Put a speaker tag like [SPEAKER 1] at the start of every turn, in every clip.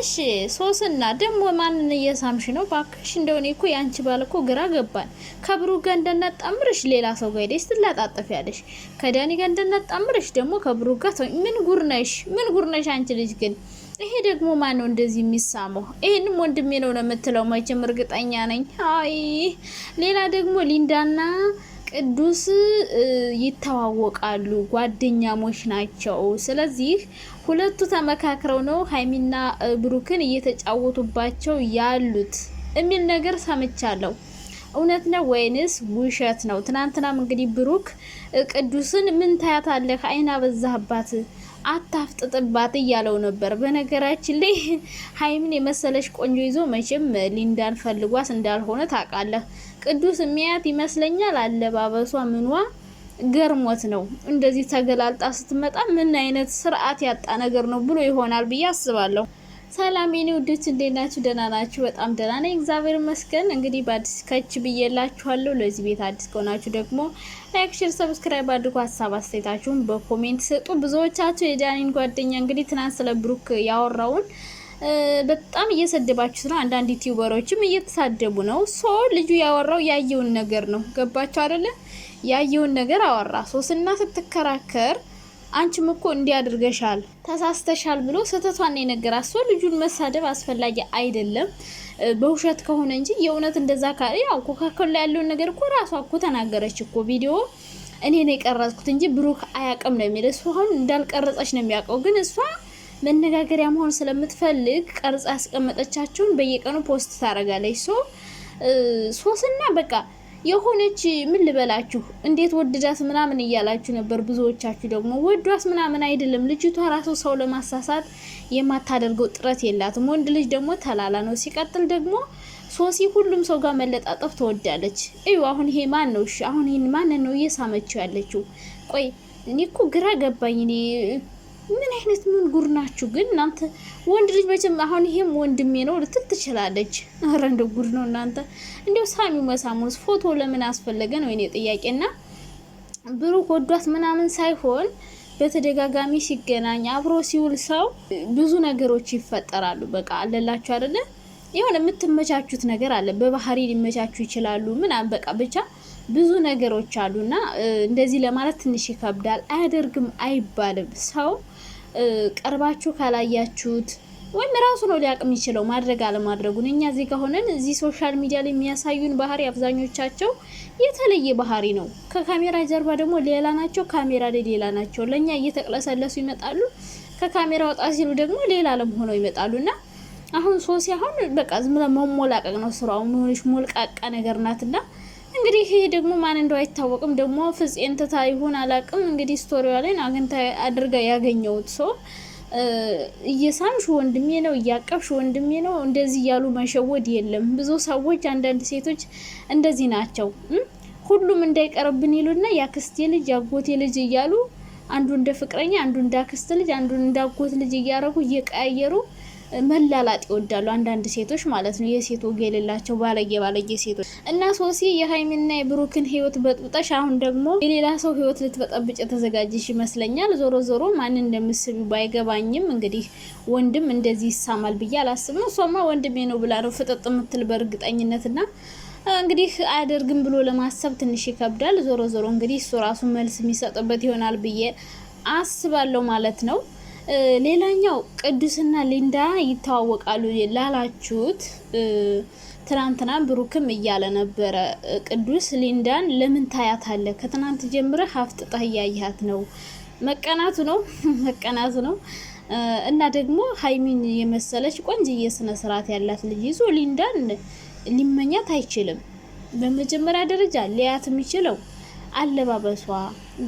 [SPEAKER 1] እሺ ሶስና ደግሞ ማንን እየሳምሽ ነው ባክሽ? እንደሆነ እኮ ያንቺ ባል እኮ ግራ ገባን። ከብሩ ጋር እንደናጣምርሽ ሌላ ሰው ጋር ሄደሽ ትላጣጥፍ ያለሽ፣ ከዳኒ ጋር እንደናጣምርሽ ደግሞ ከብሩ ጋር ምን ጉርነሽ ምን ጉርነሽ አንቺ ልጅ ግን ይሄ ደግሞ ማን ነው እንደዚህ የሚሳመው? ይሄንም ወንድሜ ነው ነው የምትለው መቼም እርግጠኛ ነኝ። አይ ሌላ ደግሞ ሊንዳና ቅዱስ ይተዋወቃሉ፣ ጓደኛሞች ናቸው። ስለዚህ ሁለቱ ተመካክረው ነው ሀይሚና ብሩክን እየተጫወቱባቸው ያሉት የሚል ነገር ሰምቻለሁ። እውነት ነው ወይንስ ውሸት ነው? ትናንትናም እንግዲህ ብሩክ ቅዱስን ምን ታያታለህ፣ አይና በዛህባት አታፍጥጥባት እያለው ነበር። በነገራችን ላይ ሀይምን የመሰለች ቆንጆ ይዞ መቼም ሊንዳን ፈልጓስ እንዳልሆነ ታውቃለህ። ቅዱስ የሚያት ይመስለኛል። አለባበሷ ምኗ ገርሞት ነው እንደዚህ ተገላልጣ ስትመጣ ምን አይነት ስርዓት ያጣ ነገር ነው ብሎ ይሆናል ብዬ አስባለሁ። ሰላም የኔ ውዶች እንዴት ናችሁ? ደህና ናችሁ? በጣም ደህና ነኝ፣ እግዚአብሔር ይመስገን። እንግዲህ በአዲስ ከች ብዬላችኋለሁ። ለዚህ ቤት አዲስ ከሆናችሁ ደግሞ ላይክ፣ ሼር፣ ሰብስክራይብ አድርጉ። ሀሳብ አስተያየታችሁን በኮሜንት ስጡ። ብዙዎቻችሁ የዳኒን ጓደኛ እንግዲህ ትናንት ስለ ብሩክ ያወራውን በጣም እየሰደባችሁ ነው። አንዳንድ ዩቲዩበሮችም እየተሳደቡ ነው። ሶ ልጁ ያወራው ያየውን ነገር ነው። ገባችሁ አይደለ? ያየውን ነገር አወራ ሶስና ስትከራከር አንቺም እኮ እንዲያድርገሻል ተሳስተሻል ብሎ ስህተቷን የነገራት ሰው ልጁን መሳደብ አስፈላጊ አይደለም። በውሸት ከሆነ እንጂ የእውነት እንደዛ ካለ ያው ኮካኮላ ያለውን ነገር እኮ ራሷ እኮ ተናገረች እኮ ቪዲዮ እኔ ነው የቀረጽኩት እንጂ ብሩክ አያውቅም ነው የሚል እሱ አሁን እንዳልቀረጸች ነው የሚያውቀው። ግን እሷ መነጋገሪያ መሆን ስለምትፈልግ ቀርጻ ያስቀመጠቻችሁን በየቀኑ ፖስት ታደርጋለች። ሶ ሶስና በቃ የሆነች ምን ልበላችሁ እንዴት ወደዳት ምናምን እያላችሁ ነበር። ብዙዎቻችሁ ደግሞ ወዷስ ምናምን አይደለም። ልጅቷ ራሱ ሰው ለማሳሳት የማታደርገው ጥረት የላትም። ወንድ ልጅ ደግሞ ተላላ ነው። ሲቀጥል ደግሞ ሶሲ ሁሉም ሰው ጋር መለጣጠፍ ትወዳለች። እዩ አሁን ይሄ ማን ነው? አሁን ይሄን ማን ነው እየሳመችው ያለችው? ቆይ እኔ እኮ ግራ ገባኝ እኔ ምን አይነት ምን ጉር ናችሁ ግን እናንተ ወንድ ልጅ መቼም አሁን ይሄም ወንድሜ ነው ልትል ትችላለች። ኧረ እንደ ጉድ ነው እናንተ እንዲያው ሳሚው መሳሙስ ፎቶ ለምን አስፈለገ ነው የኔ ጥያቄና ብሩክ ወዷት ምናምን ሳይሆን በተደጋጋሚ ሲገናኝ አብሮ ሲውል ሰው ብዙ ነገሮች ይፈጠራሉ። በቃ አለላችሁ አይደለ? የሆነ የምትመቻቹት ነገር አለ። በባህሪ ሊመቻቹ ይችላሉ ምናምን በቃ ብቻ ብዙ ነገሮች አሉና እንደዚህ ለማለት ትንሽ ይከብዳል። አያደርግም አይባልም ሰው ቀርባችሁ ካላያችሁት ወይም ራሱ ነው ሊያውቅ የሚችለው ማድረግ አለማድረጉን። እኛ እዚህ ከሆነን እዚህ ሶሻል ሚዲያ ላይ የሚያሳዩን ባህሪ አብዛኞቻቸው የተለየ ባህሪ ነው። ከካሜራ ጀርባ ደግሞ ሌላ ናቸው፣ ካሜራ ላይ ሌላ ናቸው። ለእኛ እየተቅለሰለሱ ይመጣሉ። ከካሜራ ወጣ ሲሉ ደግሞ ሌላ አለም ሆነው ይመጣሉ እና አሁን ሶሲ አሁን በቃ ዝም ብላ መሞላቀቅ ነው ስራው። ሆነች ሞልቃቃ ነገር ናትና እንግዲህ ይሄ ደግሞ ማን እንደው አይታወቅም። ደግሞ ፍፄን ትታ ይሆን አላቅም። እንግዲህ ስቶሪዋ ላይ አግኝታ አድርጋ ያገኘውት ሰው እየሳምሽ ወንድሜ ነው እያቀፍሽ ወንድሜ ነው እንደዚህ እያሉ መሸወድ የለም። ብዙ ሰዎች አንዳንድ ሴቶች እንደዚህ ናቸው። ሁሉም እንዳይቀርብን ይሉና የአክስቴ ልጅ ያጎቴ ልጅ እያሉ አንዱ እንደ ፍቅረኛ፣ አንዱ እንደ አክስት ልጅ፣ አንዱ እንደ አጎት ልጅ እያረጉ እየቀያየሩ መላላጥ ይወዳሉ አንዳንድ ሴቶች ማለት ነው። የሴት ወግ የሌላቸው ባለጌ ባለጌ ሴቶች እና ሶሲ የሀይሚና የብሩክን ህይወት በጥብጠሽ አሁን ደግሞ የሌላ ሰው ህይወት ልትበጠብጭ የተዘጋጀሽ ይመስለኛል። ዞሮ ዞሮ ማን እንደምስሉ ባይገባኝም እንግዲህ ወንድም እንደዚህ ይሳማል ብዬ አላስብም። እሷማ ወንድሜ ነው ብላ ነው ፍጥጥ የምትል በእርግጠኝነትና እንግዲህ አያደርግም ብሎ ለማሰብ ትንሽ ይከብዳል። ዞሮ ዞሮ እንግዲህ እሱ ራሱ መልስ የሚሰጥበት ይሆናል ብዬ አስባለሁ ማለት ነው። ሌላኛው ቅዱስና ሊንዳ ይተዋወቃሉ ላላችሁት ትናንትና ብሩክም እያለ ነበረ። ቅዱስ ሊንዳን ለምን ታያታለህ? ከትናንት ጀምረ ሀፍጥጣ እያያት ነው። መቀናቱ ነው መቀናቱ ነው። እና ደግሞ ሀይሚን የመሰለች ቆንጅዬ ስነ ስርዓት ያላት ልጅ ይዞ ሊንዳን ሊመኛት አይችልም። በመጀመሪያ ደረጃ ሊያት የሚችለው አለባበሷ፣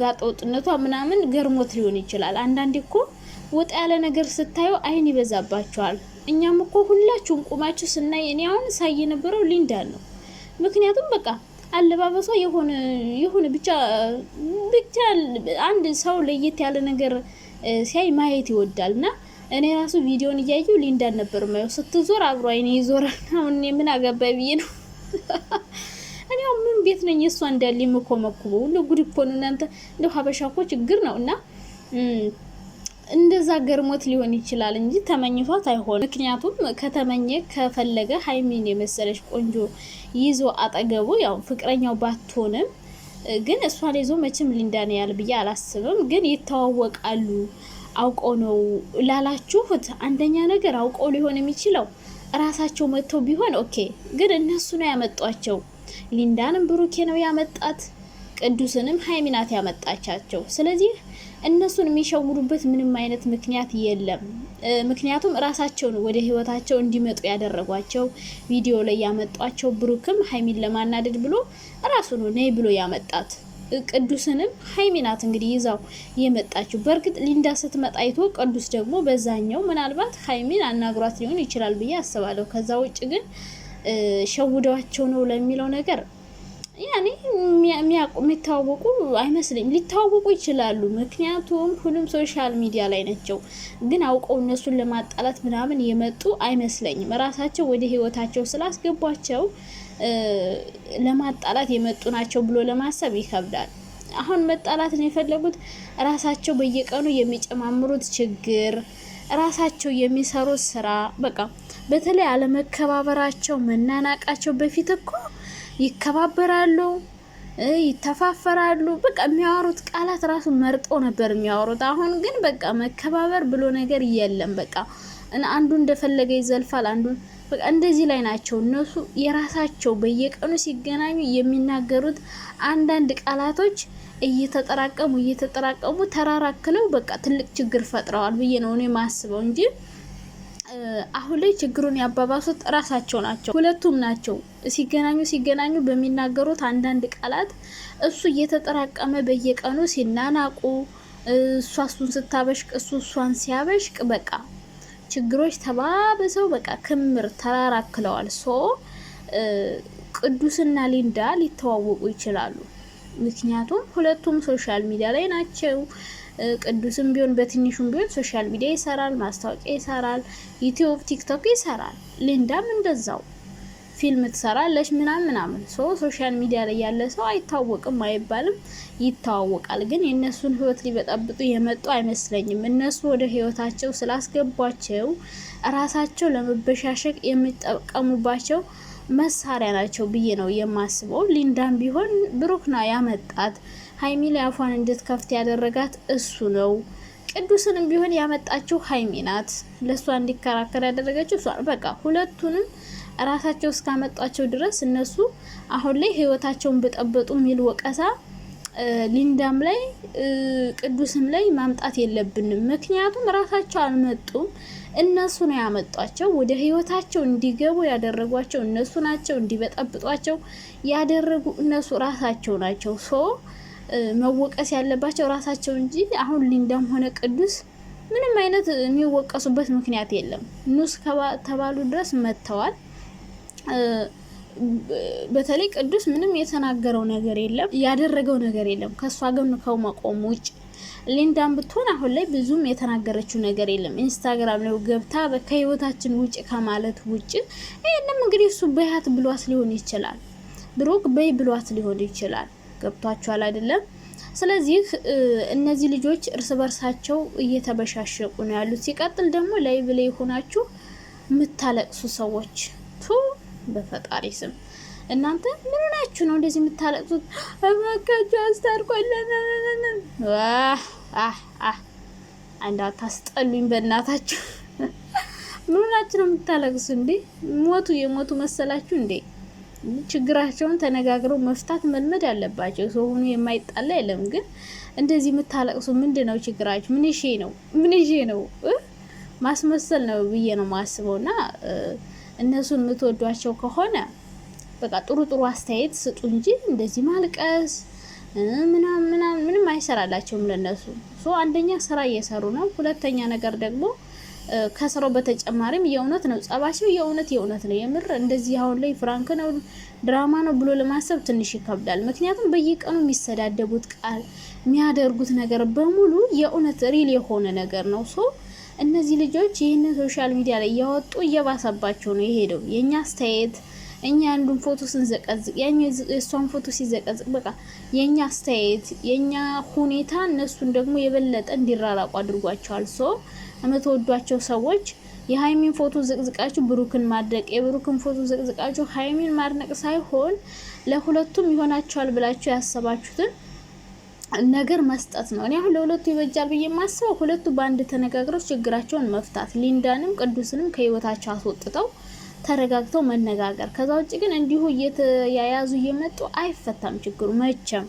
[SPEAKER 1] ጋጠወጥነቷ ምናምን ገርሞት ሊሆን ይችላል። አንዳንዴ እኮ ወጣ ያለ ነገር ስታዩ አይን ይበዛባቸዋል። እኛም እኮ ሁላችሁም ቁማችሁ ስናይ እኔ አሁን ሳይ የነበረው ሊንዳ ነው። ምክንያቱም በቃ አለባበሷ የሆነ የሆነ ብቻ ብቻ አንድ ሰው ለየት ያለ ነገር ሲያይ ማየት ይወዳል እና እኔ ራሱ ቪዲዮን እያየው ሊንዳን ነበር ማየው። ስትዞር አብሮ አይኔ ይዞራል። አሁን ምን አገባኝ ብዬ ነው እኔ ምን ቤት ነኝ እሷ እንዳለ የምኮመኩበው። ሁሉ ጉድ እኮ ነው እናንተ። እንደው ሀበሻ እኮ ችግር ነው እና እንደዛ ገርሞት ሊሆን ይችላል እንጂ ተመኝቷት አይሆን። ምክንያቱም ከተመኘ ከፈለገ ሀይሚን የመሰለች ቆንጆ ይዞ አጠገቡ ያው ፍቅረኛው ባትሆንም ግን እሷን ይዞ መቼም ሊንዳን ያል ብዬ አላስብም። ግን ይተዋወቃሉ አውቀው ነው ላላችሁት፣ አንደኛ ነገር አውቀው ሊሆን የሚችለው እራሳቸው መጥተው ቢሆን ኦኬ። ግን እነሱ ነው ያመጧቸው። ሊንዳንም ብሩኬ ነው ያመጣት፣ ቅዱስንም ሀይሚናት ያመጣቻቸው። ስለዚህ እነሱን የሚሸውዱበት ምንም አይነት ምክንያት የለም። ምክንያቱም እራሳቸውን ወደ ህይወታቸው እንዲመጡ ያደረጓቸው ቪዲዮ ላይ ያመጧቸው፣ ብሩክም ሀይሚን ለማናደድ ብሎ ራሱን ነይ ብሎ ያመጣት ቅዱስንም ሀይሚናት እንግዲህ ይዛው የመጣችው። በእርግጥ ሊንዳ ስትመጣ አይቶ ቅዱስ ደግሞ በዛኛው ምናልባት ሀይሚን አናግሯት ሊሆን ይችላል ብዬ አስባለሁ። ከዛ ውጭ ግን ሸውደዋቸው ነው ለሚለው ነገር ያኔ የሚተዋወቁ አይመስለኝም። ሊተዋወቁ ይችላሉ፣ ምክንያቱም ሁሉም ሶሻል ሚዲያ ላይ ናቸው። ግን አውቀው እነሱን ለማጣላት ምናምን የመጡ አይመስለኝም። ራሳቸው ወደ ህይወታቸው ስላስገቧቸው ለማጣላት የመጡ ናቸው ብሎ ለማሰብ ይከብዳል። አሁን መጣላትን የፈለጉት ራሳቸው በየቀኑ የሚጨማምሩት ችግር ራሳቸው የሚሰሩት ስራ በቃ በተለይ አለመከባበራቸው፣ መናናቃቸው በፊት እኮ ይከባበራሉ፣ ይተፋፈራሉ። በቃ የሚያወሩት ቃላት ራሱ መርጦ ነበር የሚያወሩት። አሁን ግን በቃ መከባበር ብሎ ነገር የለም። በቃ አንዱ እንደፈለገ ይዘልፋል፣ አንዱ በቃ እንደዚህ ላይ ናቸው እነሱ። የራሳቸው በየቀኑ ሲገናኙ የሚናገሩት አንዳንድ ቃላቶች እየተጠራቀሙ እየተጠራቀሙ ተራራክለው በቃ ትልቅ ችግር ፈጥረዋል ብዬ ነው እኔ ማስበው እንጂ አሁን ላይ ችግሩን ያባባሱት እራሳቸው ናቸው፣ ሁለቱም ናቸው። ሲገናኙ ሲገናኙ በሚናገሩት አንዳንድ ቃላት እሱ እየተጠራቀመ በየቀኑ ሲናናቁ፣ እሷ እሱን ስታበሽቅ፣ እሱ እሷን ሲያበሽቅ፣ በቃ ችግሮች ተባብሰው በቃ ክምር ተራራክለዋል። ሶ ቅዱስና ሊንዳ ሊተዋወቁ ይችላሉ። ምክንያቱም ሁለቱም ሶሻል ሚዲያ ላይ ናቸው። ቅዱስም ቢሆን በትንሹም ቢሆን ሶሻል ሚዲያ ይሰራል፣ ማስታወቂያ ይሰራል፣ ዩቲዩብ፣ ቲክቶክ ይሰራል። ሊንዳም እንደዛው ፊልም ትሰራለች ምናምን ምናምን። ሶ ሶሻል ሚዲያ ላይ ያለ ሰው አይታወቅም አይባልም፣ ይታወቃል። ግን የእነሱን ህይወት ሊበጠብጡ የመጡ አይመስለኝም። እነሱ ወደ ህይወታቸው ስላስገቧቸው እራሳቸው ለመበሻሸቅ የሚጠቀሙባቸው መሳሪያ ናቸው ብዬ ነው የማስበው። ሊንዳም ቢሆን ብሩክና ያመጣት ሀይሚ ላይ አፏን እንድትከፍት ያደረጋት እሱ ነው። ቅዱስንም ቢሆን ያመጣችው ሀይሚ ናት። ለእሷ እንዲከራከር ያደረገችው እሷ። በቃ ሁለቱንም ራሳቸው እስካመጧቸው ድረስ እነሱ አሁን ላይ ህይወታቸውን በጠበጡ የሚል ወቀሳ ሊንዳም ላይ ቅዱስም ላይ ማምጣት የለብንም። ምክንያቱም ራሳቸው አልመጡም፣ እነሱ ነው ያመጧቸው። ወደ ህይወታቸው እንዲገቡ ያደረጓቸው እነሱ ናቸው። እንዲበጠብጧቸው ያደረጉ እነሱ ራሳቸው ናቸው ሶ መወቀስ ያለባቸው ራሳቸው እንጂ አሁን ሊንዳም ሆነ ቅዱስ ምንም አይነት የሚወቀሱበት ምክንያት የለም። ኑስ ተባሉ ድረስ መጥተዋል። በተለይ ቅዱስ ምንም የተናገረው ነገር የለም፣ ያደረገው ነገር የለም ከእሷ ከው መቆም ውጭ። ሊንዳም ብትሆን አሁን ላይ ብዙም የተናገረችው ነገር የለም። ኢንስታግራም ላይ ገብታ ከህይወታችን ውጭ ከማለት ውጭ ይህንም እንግዲህ እሱ በያት ብሏት ሊሆን ይችላል፣ ብሩክ በይ ብሏት ሊሆን ይችላል። ገብቷችኋል አይደለም? ስለዚህ እነዚህ ልጆች እርስ በርሳቸው እየተበሻሸቁ ነው ያሉት። ሲቀጥል ደግሞ ላይ ብለ የሆናችሁ የምታለቅሱ ሰዎች ቱ በፈጣሪ ስም እናንተ ምን ናችሁ ነው እንደዚህ የምታለቅሱት? እባካችሁ አስታርቆለን። አንድ አታስጠሉኝ በእናታችሁ። ምን ናችሁ ነው የምታለቅሱ እንዴ? ሞቱ የሞቱ መሰላችሁ እንዴ? ችግራቸውን ተነጋግረው መፍታት መልመድ አለባቸው። ሰው ሆኖ የማይጣላ የለም። ግን እንደዚህ የምታለቅሱ ምንድን ነው ችግራችሁ? ምን ነው ምን ነው ማስመሰል ነው ብዬ ነው ማስበው። እና እነሱን የምትወዷቸው ከሆነ በቃ ጥሩ ጥሩ አስተያየት ስጡ እንጂ እንደዚህ ማልቀስ ምናምን ምንም አይሰራላቸውም ለነሱ። አንደኛ ስራ እየሰሩ ነው፣ ሁለተኛ ነገር ደግሞ ከስራው በተጨማሪም የእውነት ነው ጸባቸው የእውነት የእውነት ነው። የምር እንደዚህ አሁን ላይ ፍራንክ ነው ድራማ ነው ብሎ ለማሰብ ትንሽ ይከብዳል። ምክንያቱም በየቀኑ የሚሰዳደቡት ቃል የሚያደርጉት ነገር በሙሉ የእውነት ሪል የሆነ ነገር ነው። ሶ እነዚህ ልጆች ይህንን ሶሻል ሚዲያ ላይ እያወጡ እየባሰባቸው ነው የሄደው። የእኛ አስተያየት እኛ አንዱን ፎቶ ስንዘቀዝቅ የእሷን ፎቶ ሲዘቀዝቅ በቃ የእኛ አስተያየት የእኛ ሁኔታ እነሱን ደግሞ የበለጠ እንዲራራቁ አድርጓቸዋል ሶ የምትወዷቸው ሰዎች የሀይሚን ፎቶ ዝቅዝቃችሁ ብሩክን ማድነቅ፣ የብሩክን ፎቶ ዝቅዝቃችሁ ሀይሚን ማድነቅ ሳይሆን ለሁለቱም ይሆናቸዋል ብላችሁ ያሰባችሁትን ነገር መስጠት ነው። እኔ አሁን ለሁለቱ ይበጃል ብዬ የማስበው ሁለቱ በአንድ ተነጋግረው ችግራቸውን መፍታት፣ ሊንዳንም ቅዱስንም ከህይወታቸው አስወጥተው ተረጋግተው መነጋገር። ከዛ ውጭ ግን እንዲሁ እየተያያዙ እየመጡ አይፈታም ችግሩ መቼም።